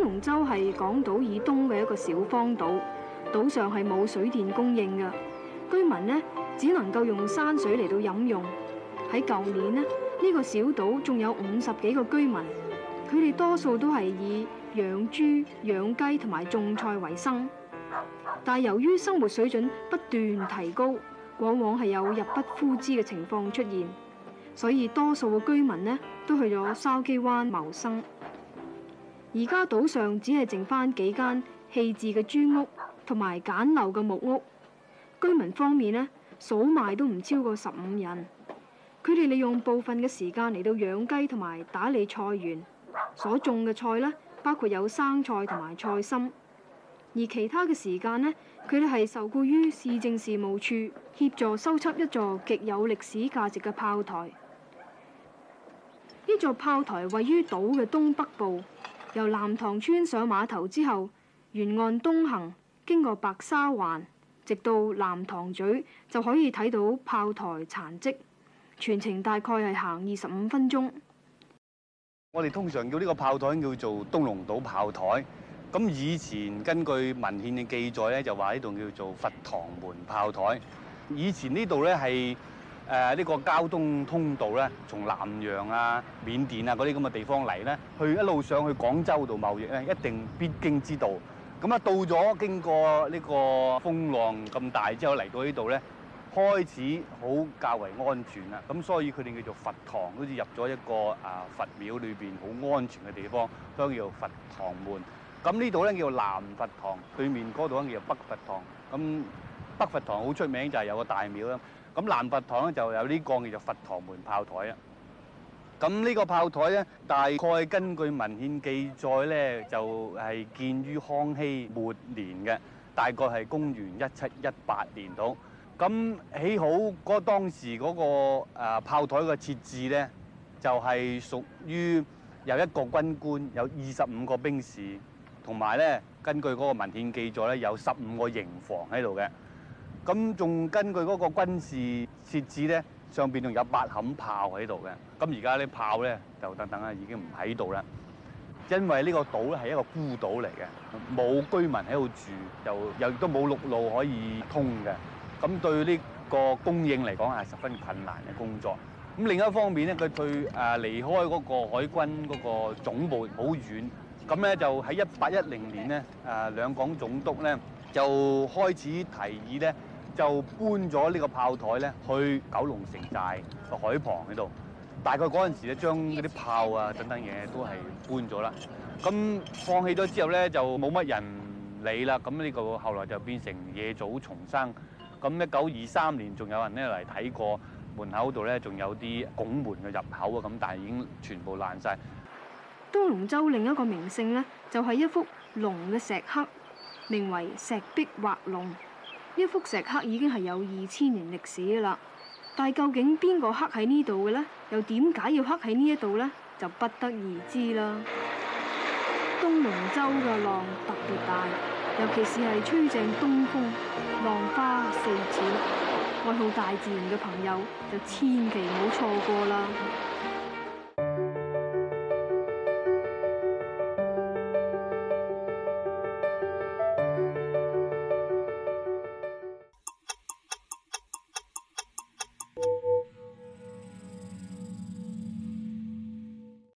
東龍洲係港島以東嘅一個小荒島，島上係冇水電供應嘅，居民呢只能夠用山水嚟到飲用。喺舊年呢，呢、這個小島仲有五十幾個居民他們，佢哋多數都係以養豬、養雞同埋種菜為生。但由於生活水準不斷提高，往往係有入不敷支嘅情況出現，所以多數嘅居民呢都去咗筲箕灣謀生。而家島上只係剩翻幾間棄置嘅磚屋同埋簡陋嘅木屋。居民方面呢，數埋都唔超過十五人。佢哋利用部分嘅時間嚟到養雞同埋打理菜園，所種嘅菜包括有生菜同埋菜心。而其他嘅時間呢，佢哋係受僱於市政事務處協助修葺一座極有歷史價值嘅炮台。呢座炮台位於島嘅東北部。由南塘村上碼頭之後，沿岸東行，經過白沙環，直到南塘咀，就可以睇到炮台殘迹。全程大概係行二十五分鐘。我哋通常叫呢個炮台叫做東龍島炮台。咁以前根據文獻嘅記載咧，就話呢度叫做佛堂門炮台。以前呢度咧係。誒呢個交通通道咧，從南洋啊、緬甸啊嗰啲咁嘅地方嚟咧，去一路上去廣州度貿易咧，一定必經之道。咁啊，到咗經過呢個風浪咁大之後，嚟到呢度咧，開始好較為安全啦。咁所以佢哋叫做佛堂，好似入咗一個啊佛廟裏邊好安全嘅地方，都叫做佛堂門。咁呢度咧叫做南佛堂，對面嗰度咧叫北佛堂。咁北佛堂好出名就係有個大廟啦。咁南佛堂咧就有呢個叫做佛堂門炮台啊！咁呢個炮台咧，大概根據文獻記載咧，就係建於康熙末年嘅，大概係公元一七一八年度。咁起好嗰個當時嗰個誒炮台嘅設置咧，就係屬於有一個軍官，有二十五個兵士，同埋咧根據嗰個文獻記載咧，有十五個營房喺度嘅。咁仲根據嗰個軍事設置咧，上邊仲有八冚炮喺度嘅。咁而家啲炮咧就等等呀，已經唔喺度啦。因為呢個島咧係一個孤島嚟嘅，冇居民喺度住，又又都冇陸路可以通嘅。咁對呢個供應嚟講係十分困難嘅工作。咁另一方面咧，佢對誒離開嗰個海軍嗰個總部好遠。咁咧就喺一八一零年咧，誒兩港總督咧就開始提議咧。就搬咗呢個炮台咧，去九龍城寨個海旁喺度。大概嗰陣時咧，將嗰啲炮啊等等嘢都係搬咗啦。咁放棄咗之後咧，就冇乜人理啦。咁呢個後來就變成野草叢生。咁一九二三年仲有人咧嚟睇過門口度咧，仲有啲拱門嘅入口啊。咁但係已經全部爛晒。東龍洲另一個名勝咧，就係一幅龍嘅石刻，名為《石壁畫龍》。一幅石刻已經係有二千年歷史嘅啦，但係究竟邊個刻喺呢度嘅呢？又點解要刻喺呢一度呢？就不得而知啦。東龍洲嘅浪特別大，尤其是係吹正東風，浪花四濺。愛好大自然嘅朋友就千祈唔好錯過啦。